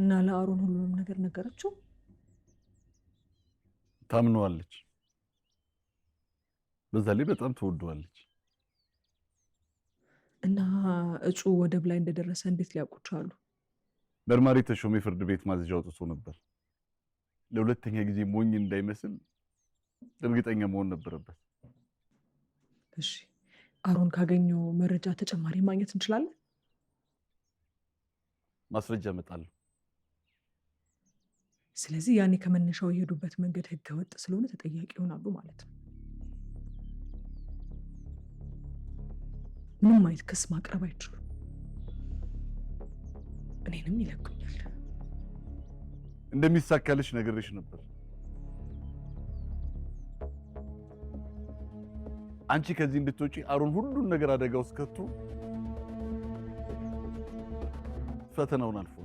እና ለአሮን ሁሉንም ነገር ነገረችው። ታምነዋለች። በዛ ላይ በጣም ትወደዋለች። እና እጩ ወደብ ላይ እንደደረሰ እንዴት ሊያውቁ ቻሉ? መርማሪ ተሾመ የፍርድ ቤት ማዘዣ አውጥቶ ነበር። ለሁለተኛ ጊዜ ሞኝ እንዳይመስል እርግጠኛ መሆን ነበረበት። እሺ፣ አሮን ካገኘው መረጃ ተጨማሪ ማግኘት እንችላለን። ማስረጃ እመጣለሁ። ስለዚህ ያኔ ከመነሻው የሄዱበት መንገድ ህገ ወጥ ስለሆነ ተጠያቂ ይሆናሉ ማለት ነው። ምንም አይነት ክስ ማቅረብ አይችሉም። እኔንም ይለቁኛል። እንደሚሳካልሽ ነግሬሽ ነበር። አንቺ ከዚህ እንድትወጪ አሩን ሁሉን ነገር አደጋ ውስጥ ከቶ ፈተናውን አልፎ